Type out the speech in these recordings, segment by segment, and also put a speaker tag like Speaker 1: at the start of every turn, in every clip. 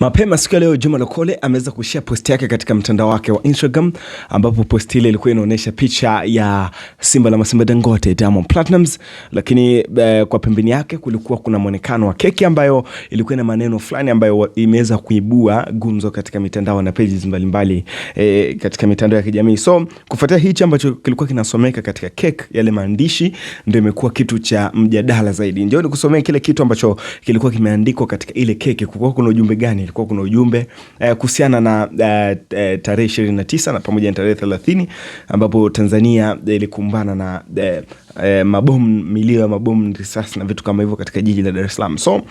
Speaker 1: Mapema siku ya leo Juma Lokole ameweza kushare post yake katika mtandao wake wa Instagram ambapo post ile ilikuwa inaonyesha picha ya Simba la Masimba Dangote Diamond Platnumz, lakini eh, kwa pembeni yake kulikuwa kuna mwonekano wa keki ambayo ilikuwa na maneno fulani ambayo imeweza kuibua gumzo katika mitandao na pages mbalimbali eh, katika mitandao ya kijamii. So kufuatia hichi ambacho kilikuwa kinasomeka katika keki, yale maandishi ndio imekuwa kitu cha mjadala zaidi. Njoo nikusomee kile kitu ambacho kilikuwa kimeandikwa katika ile keki, kulikuwa kuna ujumbe gani? ilikuwa kuna ujumbe eh, kuhusiana na eh, eh, tarehe ishirini na tisa na pamoja na tarehe thelathini ambapo Tanzania eh, ilikumbana na eh, E, mabomu, milio ya mabomu, risasi na vitu kama hivyo katika jiji la Dar es Salaam. So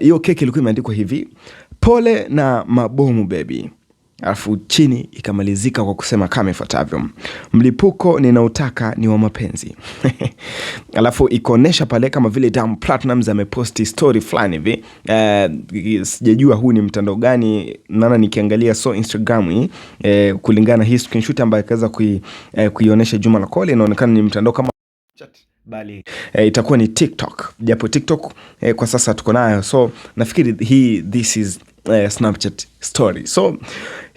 Speaker 1: hiyo e, keki ilikuwa imeandikwa hivi: pole na mabomu baby alafu chini ikamalizika kwa kusema kama ifuatavyo: mlipuko ninaotaka ni wa mapenzi. Alafu ikaonyesha pale kama vile Diamond Platnumz ameposti story fulani hivi, uh, sijajua huu ni mtandao gani, maana nikiangalia so Instagram hii eh, kulingana hii screenshot ambayo akaweza kui, eh, Juma la Kole inaonekana ni mtandao kama chat bali e, itakuwa ni TikTok japo TikTok e, kwa sasa tuko nayo, so nafikiri hii this is e, Snapchat story so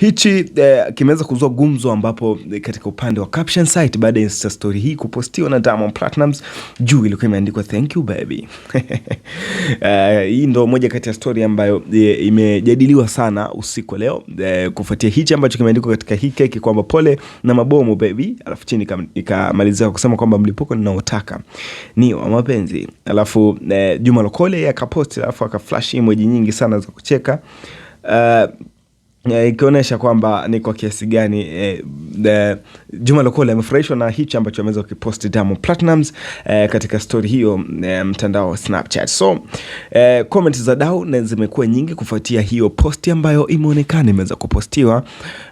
Speaker 1: Hichi eh, kimeweza kuzua gumzo ambapo eh, katika upande wa caption site baada ya Insta story hii kupostiwa na Diamond Platnumz, juu ilikuwa imeandikwa thank you baby. Uh, hii ndo moja kati ya story ambayo eh, imejadiliwa sana usiku leo eh, kufuatia hichi ambacho kimeandikwa katika hii keki kwamba pole na mabomu baby, alafu chini ikamalizia kusema kwamba mlipuko ninaotaka ni wa mapenzi, alafu eh, Juma Lokole akaposti, alafu akaflash emoji nyingi sana za kucheka uh, Eh, ikionyesha kwamba ni kwa kiasi gani eh, Juma Lokole amefurahishwa na hichi ambacho ameweza kukiposti Diamond Platnumz eh, katika stori hiyo eh, mtandao wa Snapchat. So eh, comment za dau na zimekuwa nyingi kufuatia hiyo posti ambayo imeonekana imeweza kupostiwa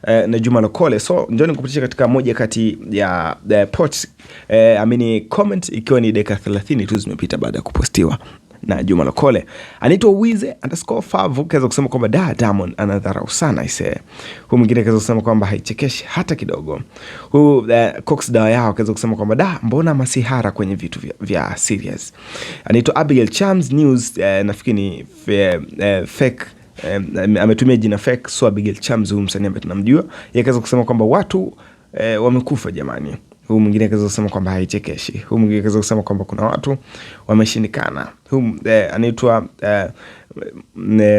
Speaker 1: eh, na Juma Lokole. So njoni kupitisha katika moja kati ya e, eh, pot, eh, amini comment ikiwa ni dakika 30 tu zimepita baada ya kupostiwa na Juma Lokole. Anaitwa Wize underscore Favu kaweza kusema kwamba da Diamond anadharau sana ise. Huyu mwingine kaweza kusema kwamba haichekeshi hata kidogo. Huyu uh, Cox dawa yao kaweza kusema kwamba da, mbona masihara kwenye vitu vya, vya serious. Anaitwa Abigail Chams News uh, nafikiri ni uh, fake um, ametumia jina fake so Abigail Chams huyu msanii ambaye tunamjua, yakaweza kusema kwamba watu uh, wamekufa jamani. Huyu mwingine akaweza kusema kwamba haichekeshi. Huyu mwingine akaweza kusema kwamba kuna watu wameshindikana. Huyu eh, anaitwa eh,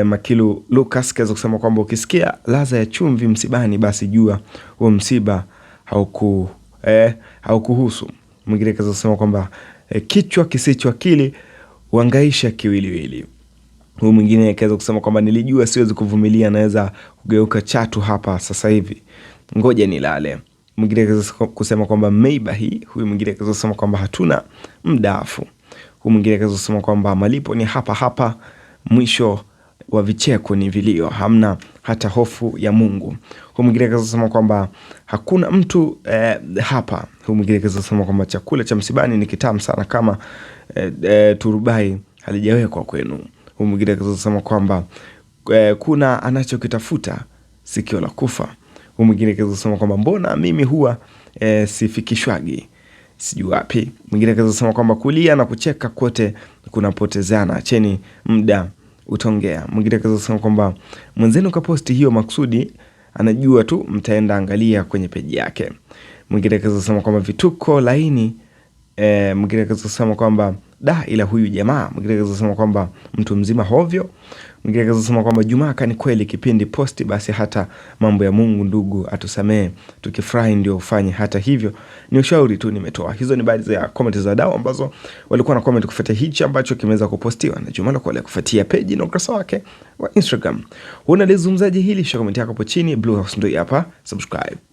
Speaker 1: Makilu Lucas kaweza kusema kwamba ukisikia laza ya chumvi msibani, basi jua huo msiba hauku eh, haukuhusu. Mwingine akaweza kusema kwamba eh, kichwa kisicho akili wangaisha kiwiliwili. Huyu mwingine akaweza kusema kwamba nilijua siwezi kuvumilia, naweza kugeuka chatu hapa sasa hivi, ngoja nilale mwingine akaweza kusema kwamba hii, huyu mwingine akaweza kusema kwamba hatuna mdaafu, huyu mwingine akaweza kusema kwamba malipo ni hapa hapa, mwisho wa vicheko ni vilio, hamna hata hofu ya Mungu. Huyu mwingine akaweza kusema kwamba hakuna mtu eh, hapa. Huyu mwingine akaweza kusema kwamba chakula cha msibani ni kitamu sana kama eh, eh, turubai halijawekwa kwenu. Huyu mwingine akaweza kusema kwamba eh, kuna anachokitafuta sikio la kufa. Huyu mwingine kaweza kusema kwamba mbona mimi huwa e, sifikishwagi siju wapi. Mwingine kaweza kusema kwamba kulia na kucheka kote kunapotezana, acheni mda utaongea. Mwingine kaweza kusema kwamba mwenzenu kaposti hiyo maksudi, anajua tu mtaenda angalia kwenye peji yake. Mwingine kaweza kusema kwamba vituko laini e, mwingine kaweza kusema kwamba da, ila huyu jamaa. Mwingine kusema kwamba mtu mzima hovyo. Mwingine kusema kwamba Jumaa kani kweli kipindi posti, basi hata mambo ya Mungu ndugu atusamee, tukifurahi ndio ufanye hata hivyo. Ni ushauri tu nimetoa. Hizo ni baadhi ya comment za wadau ambazo walikuwa na comment kufuatia hichi ambacho kimeweza kupostiwa na Juma Lokole kufuatia page na ukurasa wake wa Instagram. Huna lizungumzaje hili? Shika comment yako hapo chini. Blue House ndio hapa, subscribe.